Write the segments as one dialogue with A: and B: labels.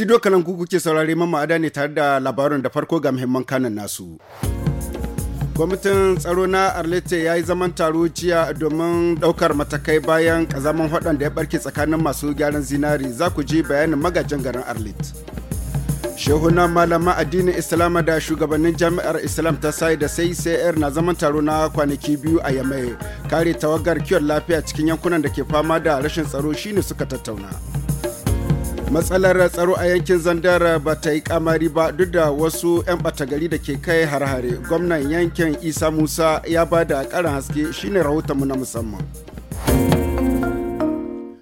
A: Studio kanan ku kuke saurare mamma ada ne tare da labarin da farko ga muhimman kanan nasu. gwamnatin tsaro na arlete ya yi zaman taro jiya domin daukar matakai bayan kazaman haɗon da ya barke tsakanin masu gyaran zinari za ku ji bayanin magajin garin arlet shehunan malaman addinin islam da shugabannin jami'ar islam ta sai da sai yar na zaman taro na kwanaki biyu a yamai kare tawagar kiwon lafiya cikin yankunan da ke fama da rashin tsaro shine suka tattauna matsalar tsaro a yankin zandara ba ta yi kamari ba duk da wasu 'yan batagari da ke kai har-hare gwamnan yankin isa musa ya ba da karin haske shine mu na musamman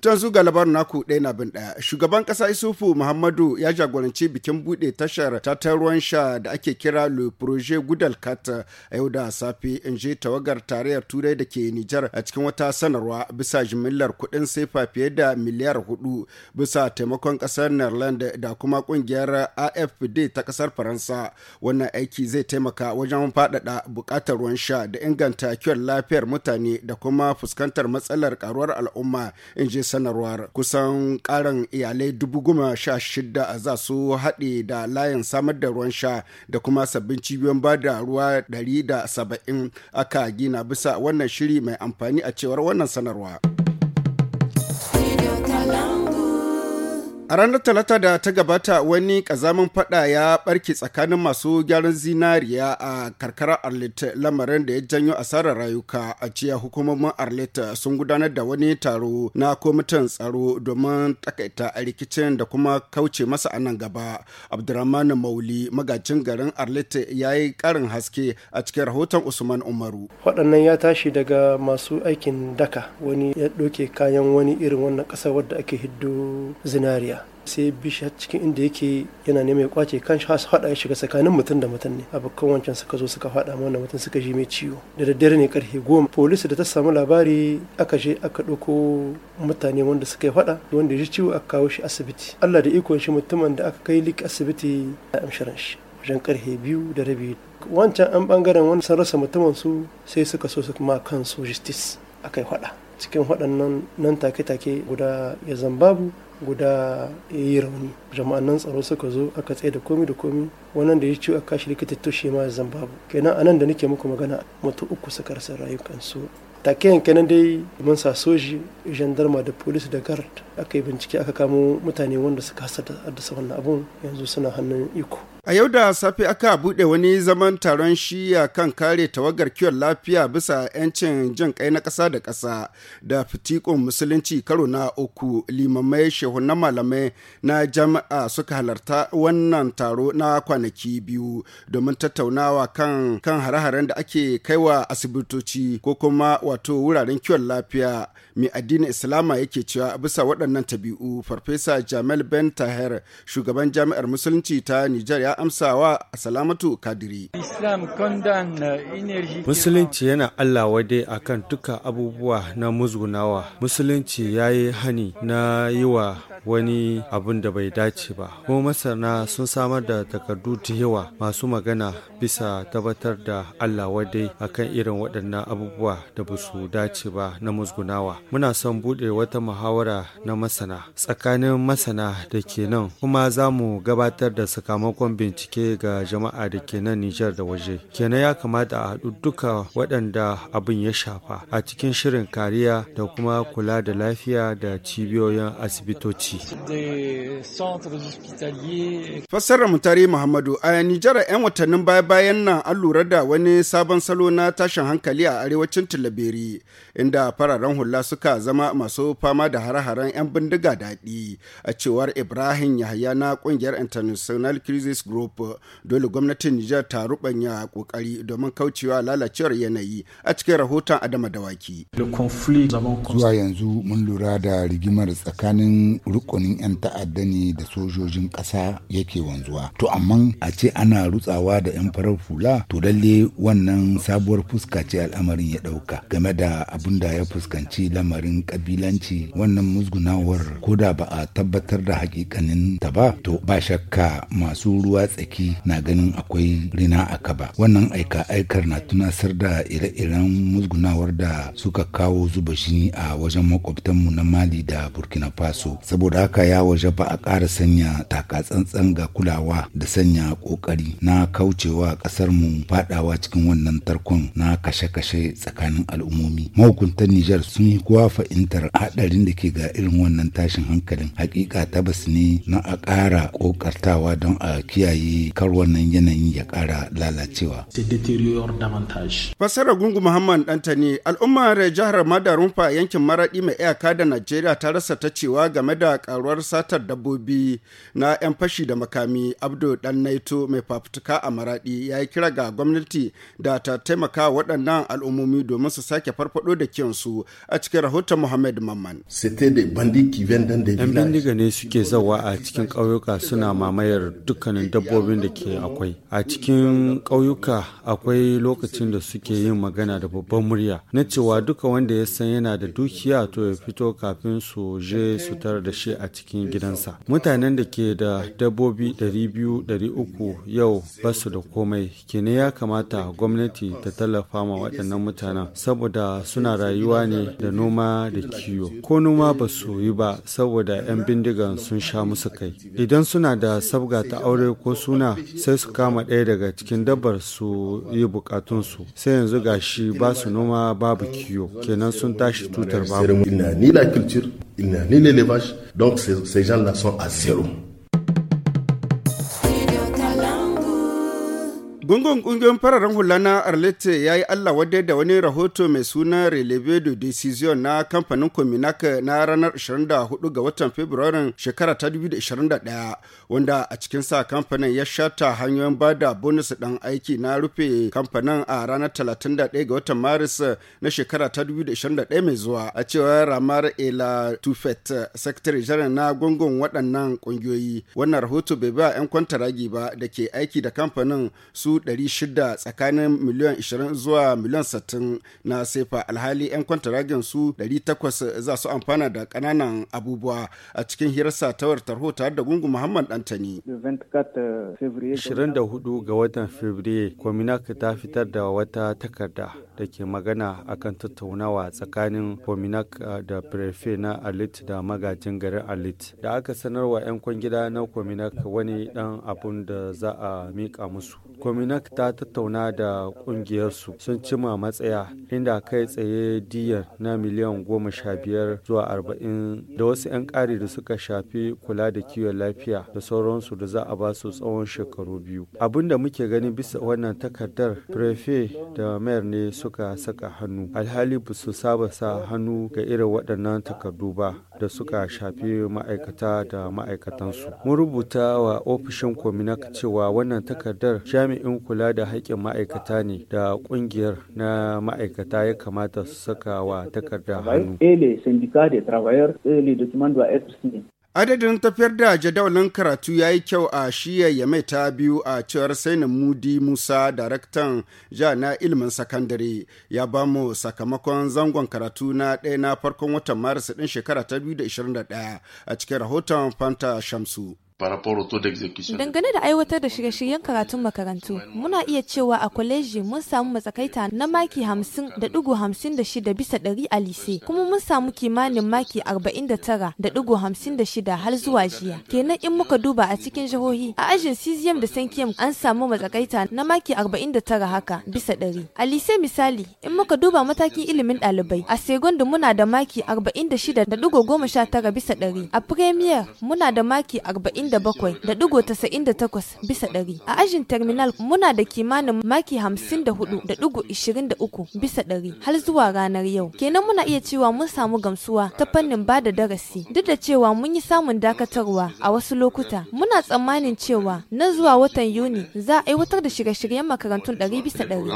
A: Tun su ga labarin naku ɗaya na bin ɗaya. Shugaban ƙasa Isufu Muhammadu ya jagoranci bikin buɗe tashar tatar sha da ake kira Le Projet Gudal Kat a yau da safe in je tawagar tarayyar Turai da ke Nijar a cikin wata sanarwa bisa jimillar kuɗin sefa fiye da miliyar hudu bisa taimakon ƙasar nerland da kuma ƙungiyar AFD ta ƙasar Faransa. Wannan aiki zai taimaka wajen faɗaɗa buƙatar ruwan sha da inganta kiwon lafiyar mutane da kuma fuskantar matsalar ƙaruwar al'umma in je sanarwar kusan karin iyalai dubu goma sha shida za su haɗe da layin samar da ruwan sha da kuma sabbin cibiyoyin ba da ruwa ɗari da saba'in aka gina bisa wannan shiri mai amfani a cewar wannan sanarwa. A ranar Talata da ta gabata wani kazamin fada ya barke tsakanin masu gyaran zinariya a karkarar Arlet lamarin da ya janyo asarar rayuka a ciya hukumomin Arlet sun gudanar da wani taro na kwamitin tsaro domin takaita a rikicin da kuma kauce masa anan gaba. Abdurrahman Mauli magajin garin Arlet ya yi karin haske a cikin rahoton Usman Umaru.
B: Waɗannan ya tashi daga masu aikin daka wani ya ɗauke kayan wani irin wannan ƙasa wadda ake hiddo zinariya. sai bishiya cikin inda yake yana neman ya kwace kan shi haɗa ya shiga tsakanin mutum da mutum ne abokan wancan suka zo suka faɗa ma wannan mutum suka ji mai ciwo da daddare ne karfe goma polisi da ta samu labari aka je aka ɗauko mutane wanda suka yi faɗa wanda ya ji ciwo aka kawo shi asibiti allah da ikon shi mutumin da aka kai lik asibiti a amshirin shi wajen karfe biyu da rabi wancan an bangaren wani sun rasa mutumin su sai suka so su ma kansu justice akai faɗa cikin waɗannan nan take-take guda ya zambabu guda ya yi rauni jama'an nan tsaro suka zo aka tsaye da komi da komi wannan da ya ci a kashi likita toshe ma ya zambabu kenan anan da nake muku magana mutu uku suka rasa rayukansu takiyan kenan dai mun sa soji gendarma da polis da guard aka yi bincike aka kamo mutane wanda suka hasa da wannan abun yanzu suna
A: hannun iko A yau da safe aka buɗe wani zaman taron shiya kan kare tawagar kiwon lafiya bisa 'yancin jin kai na ƙasa da ƙasa da fitikon musulunci karo na uku limamai shehunan malamai na jami'a suka halarta wannan taro na kwanaki biyu domin tattaunawa kan kan hare-haren da ake kaiwa asibitoci ko kuma wato wuraren kiwon lafiya mai addinin islama yake cewa bisa waɗannan tabi'u farfesa jamil ben taher shugaban jami'ar musulunci ta nijar ya amsawa a salamatu kadiri uh,
C: musulunci yana allah wade kan duka abubuwa na muzgunawa. musulunci ya yi hani na yi wa wani abin da bai dace ba kuma masana sun samar da takardu ta yawa masu magana bisa tabbatar da allah a kan irin waɗannan abubuwa da ba su dace ba na musgunawa muna son buɗe wata muhawara na masana tsakanin masana da ke nan kuma za mu gabatar da sakamakon bincike bincike ga jama'a da ke nan Nijar da waje. Kenan ya kamata a haɗu duka waɗanda abin ya shafa a cikin shirin kariya da kuma kula da lafiya
A: da cibiyoyin asibitoci. Fassarar Mutare Muhammadu a Nijar 'yan watannin baya-bayan nan an lura da wani sabon salo na tashin hankali a arewacin Tilaberi inda fararen hula suka zama masu fama da hare-haren 'yan bindiga daɗi a cewar Ibrahim yahya na ƙungiyar International Crisis Group europe dole gwamnatin nijar ta rubanya kokari domin kaucewa lalacewar yanayi a cikin rahoton adama dawaki zuwa
D: yanzu mun lura da rigimar tsakanin rukunin 'yan ta'adda ne da sojojin ƙasa yake wanzuwa to amma a ce ana rutsawa da 'yan farar hula to lalle wannan sabuwar fuska ce al'amarin ya ɗauka game da abin da ya fuskanci lamarin ƙabilanci wannan musgunawar ko da ba a tabbatar da hakikanin ta ba to ba shakka masu ruwa ruwa tsaki na ganin akwai rina a kaba wannan aika aikar na tunasar da ire-iren musgunawar da suka kawo zuba shi a wajen makwabtanmu na mali da burkina faso saboda haka ya waje ba a ƙara sanya takatsantsan ga kulawa da sanya ƙoƙari na kaucewa ƙasarmu faɗawa cikin wannan tarkon na kashe-kashe tsakanin al'ummomi mahukuntan nijar sun yi kowa fahimtar haɗarin da ke ga irin wannan tashin hankalin hakika tabbas ne na a ƙara ƙoƙartawa don a kiyaye kiyaye kar wannan yanayin ya kara lalacewa.
A: Fasarar Gungu Muhammad Dantani al'ummar jihar Madarumfa yankin Maraɗi mai iyaka da Najeriya ta rasa ta cewa game da karuwar satar dabbobi na 'yan fashi da makami Abdul Dan Naito mai fafutuka a Maraɗi ya yi kira ga gwamnati da ta taimaka waɗannan al'ummomi domin su sake farfado da kiyansu a cikin rahoton Muhammad Mamman. Yan
C: bindiga ne suke zawa a cikin ƙauyuka suna mamayar dukkanin dabbobin da ke akwai a cikin ƙauyuka akwai lokacin da suke yin magana da babban murya na cewa duka wanda ya san yana da dukiya to ya fito kafin su je su tar da shi a cikin gidansa mutanen da ke da dabbobi 200 uku yau ba su da komai Kenan ya kamata gwamnati ta tallafa ma waɗannan mutanen saboda suna rayuwa ne da noma da kiwo ko noma ba su yi ba saboda 'yan bindigan sun sha musu kai idan suna da sabga ta aure ko ko suna sai su kama ɗaya daga cikin dabbar su yi bukatunsu sai yanzu gashi ba su noma babu kiyo kenan sun tashi tutar babu. culture,
A: Gungun kungiyoyin fararen hula na arlete ya yi Allah wadai da wani rahoto mai suna Releve de Decision na kamfanin Cominac na ranar 24 ga watan Fabrairun shekara ta 2021 wanda a cikin sa kamfanin ya shata hanyoyin ba da bonus ɗan aiki na rufe kamfanin a ranar 31 ga watan Maris na shekara ta 2021 mai zuwa a cewar Ramar Ela Tufet, Secretary General na gungun waɗannan kungiyoyi. Wannan rahoto bai ba 'yan kwantaragi ba da ke aiki da kamfanin su 600 tsakanin miliyan 20 zuwa miliyan 60 na sefa alhali 'yan kwantaragen su 800 za su amfana da kananan abubuwa a cikin hirarsa ta tarho tare da gungun muhammad dantani
C: 24 euh, ga watan fabriye kominak ta fitar da wata takarda da ke magana akan tattaunawa tsakanin kominak euh, da prefe na alit da magajin garin alit da aka sanarwa 'yan kwangida na kominak wani dan abun da za a mika musu UNAC ta tattauna da kungiyarsu sun cima matsaya inda kai tsaye diyar na miliyan goma sha biyar zuwa arba'in da wasu 'yan ƙari da suka shafi kula da kiwon lafiya da sauransu da za a ba su tsawon shekaru biyu. Abin da muke gani bisa wannan takardar prefe da mayar ne suka saka hannu alhali ba su saba sa hannu ga irin waɗannan takardu ba da suka shafi ma'aikata da ma'aikatansu. Mun rubuta wa ofishin Kominak cewa wannan takardar jami'in kula da haƙƙin ma'aikata ne da ƙungiyar na ma'aikata ya kamata su saka wa takarda hannu.
A: Adadin tafiyar da jadawalin karatu ya yi kyau a shiya ya ta biyu a cewar Saina Mudi Musa, daraktan ja na ilimin sakandare, ya ba mu sakamakon zangon karatu na ɗaya na farkon watan Maris ɗin shekara ta 2021 a cikin rahoton Fanta Shamsu. Dangane da
E: aiwatar da shirye-shiryen karatun makarantu, muna iya cewa a kwaleji mun samu matsakaita na maki hamsin da digo hamsin da shida bisa ɗari a lise, kuma mun samu kimanin maki arba'in da tara da digo hamsin da shida har zuwa jiya. Kenan in muka duba a cikin jihohi, a ajin CZM da Sankiyam an samu matsakaita na maki arba'in da tara haka bisa ɗari. A lise misali, in muka duba matakin ilimin ɗalibai, a Segonda muna da maki arba'in da shida da digo goma sha tara bisa ɗari, a Premier muna da maki arba'in 97.98 bisa ɗari. A ajin terminal muna da kimanin maki 54.23 bisa ɗari har zuwa ranar yau. Kenan muna iya cewa mun samu gamsuwa ta fannin ba da darasi duk da cewa mun yi samun dakatarwa a wasu lokuta. Muna tsammanin cewa na zuwa watan Yuni za a aiwatar da shirye-shiryen makarantun ɗari bisa ɗari.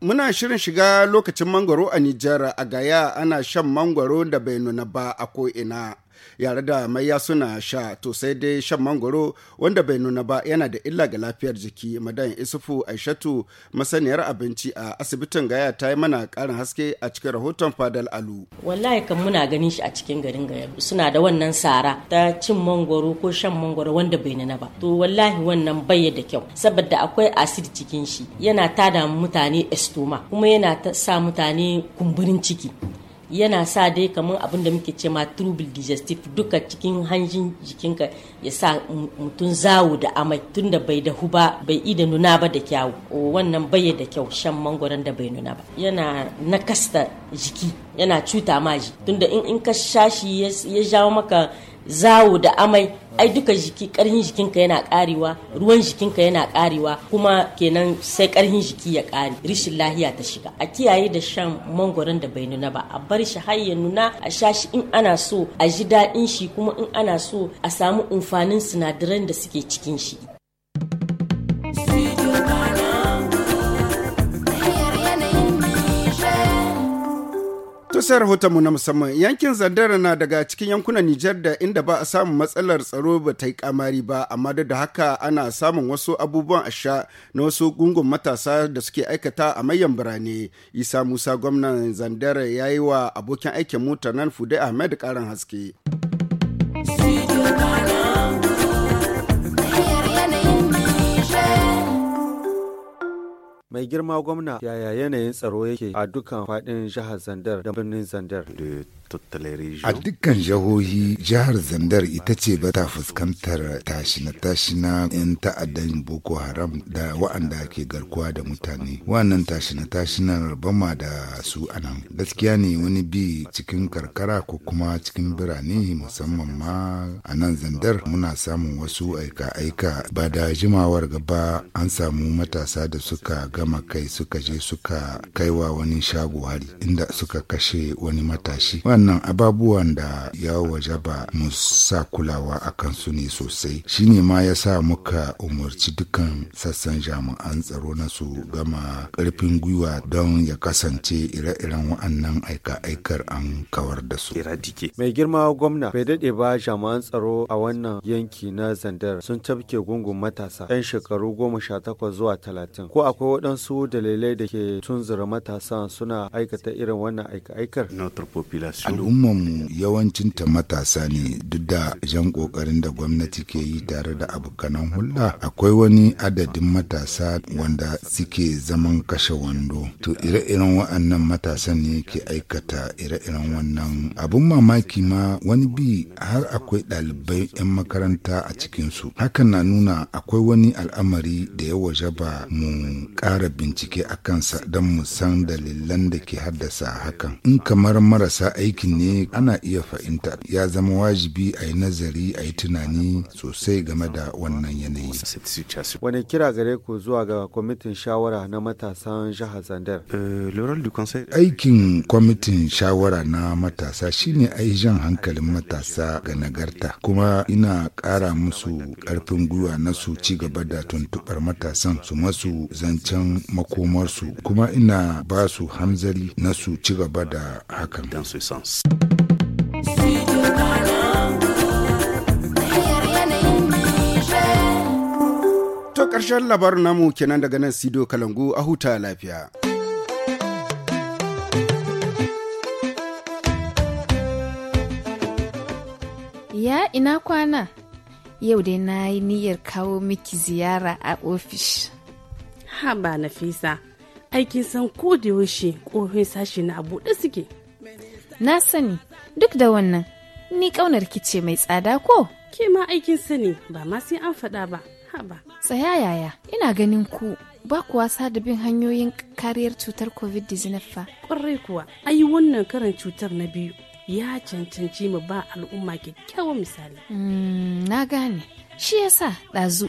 A: Muna shirin shiga lokacin mangwaro a Nijar a Gaya ana shan mangwaro da bai nuna ba a ko'ina. yare da maiya suna sha to sai dai shan mangoro wanda bai nuna ba yana da illa ga lafiyar jiki madan isufu aishatu masaniyar abinci a asibitin gaya ta yi mana karin haske a cikin rahoton fadal alu
F: wallahi kan muna ganin shi a cikin garin gaya suna da wannan sara ta cin mangoro ko shan mangoro wanda bai nuna ba to wallahi wannan bai da kyau saboda akwai acid cikin shi yana tada mutane estoma kuma yana sa mutane kumburin ciki yana sa dai kamar abin da muke cema ma trouble digestive duka cikin hanjin jikinka ya sa mutum zawo da amai tun da bai dahu ba bai yi da nuna ba da kyau wannan bai da kyau shan mangoron da bai nuna ba yana nakasta jiki yana cuta maji tun tunda in ka sha ya jawo maka zawo da amai ai duka jiki karhin jikinka yana karewa ruwan jikinka yana karewa kuma kenan sai karhin jiki ya kare rishin lahiya ta shiga a kiyaye da shan mangoron da bai nuna ba a bar shi har ya nuna a sha shi in ana so a ji daɗin shi kuma in ana so a samu amfanin sinadaran da suke cikin shi.
A: To sai mu na musamman yankin Zandara na daga cikin yankunan Nijar da inda ba a samun matsalar tsaro ba ta yi kamari ba amma duk da haka ana samun wasu abubuwan asha na wasu gungun matasa da suke aikata a mayan birane. Isa Musa gwamnan Zandara ya yi wa abokin aikin mota nan Fude Ahmed karin haske. Mai girma gwamna
C: yaya yanayin tsaro yake a dukkan faɗin jihar Zandar da birnin Zandar. A
D: dukkan jihohi jihar Zandar ita ce ba ta fuskantar tashina-tashina 'yan ta'addan Boko Haram da wa'anda ke garkuwa da mutane. Wannan tashina-tashinar bama da su anan. Gaskiya ne wani bi cikin karkara ko kuma cikin birane musamman ma a nan Zandar muna samun wasu aika-aika ba da jimawar gaba an samu matasa da suka gama kai suka je suka kaiwa wani shago hari inda suka kashe wani matashi. waɗannan ababuwan da ya wajaba mu sa kulawa a kansu ne sosai. Shi ne ma ya sa muka umarci dukkan sassan jami'an tsaro na su gama karfin gwiwa don ya kasance ire-iren waɗannan aika-aikar an kawar da su.
C: Mai girma gwamna bai daɗe ba jami'an tsaro a wannan yanki na Zandar sun tafke gungun matasa 'yan shekaru goma sha takwas zuwa talatin. Ko akwai waɗansu dalilai da ke tunzura matasan suna aikata irin wannan aika-aikar?
D: al'ummanmu ta matasa ne duk da jan kokarin da gwamnati ke yi tare da abokanan hulɗa akwai wani adadin matasa wanda suke zaman kashe wando to ire-iren wa'annan matasan ne ke aikata ire-iren wannan abun mamaki ma wani bi har akwai ɗalibai 'yan makaranta a cikinsu hakan na nuna akwai wani al'amari da ya waje ba mu ƙara bincike a kansa don mu san dalilan da ke haddasa hakan in kamar marasa aiki aikin ne ana iya fahimta ya zama wajibi a yi nazari a yi tunani sosai game da wannan
C: yanayi. Wani kira gare ku zuwa ga kwamitin shawara na matasan jihar Zandar? Eh,
D: aikin kwamitin shawara na matasa shine a yi jan hankalin matasa ga nagarta kuma ina ƙara musu ƙarfin gwiwa na su ci gaba da tuntubar matasan su masu zancen makomarsu kuma ina ba su hamzari na su ci gaba da hakan. Jos.
A: To ƙarshen labarin namu kenan daga nan Sido Kalangu a huta lafiya.
E: Ya ina kwana? Yau dai na yi niyyar kawo miki ziyara a ofish. na Nafisa, aikin san ko da yaushe ƙofin sashi na buɗe suke. na sani duk da wannan ni ƙaunar ce mai tsada ko ke ma aikin sani ba ma sai an faɗa ba haba tsaya yaya ina ganin ku ba ku wasa da bin hanyoyin kariyar cutar covid-19 fa ƙwarai kuwa ayi wannan karin cutar na biyu ya cancanci mu ba al'umma kyakkyawan misali hmm, na gane shi yasa ɗazu